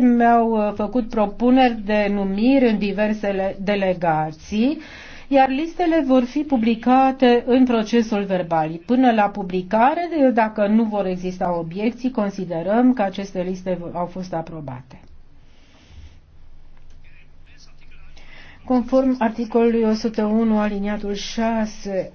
mi-au uh, făcut propuneri de numiri în diversele delegații, iar listele vor fi publicate în procesul verbal. Până la publicare, dacă nu vor exista obiecții, considerăm că aceste liste au fost aprobate. Conform articolului 101 aliniatul 6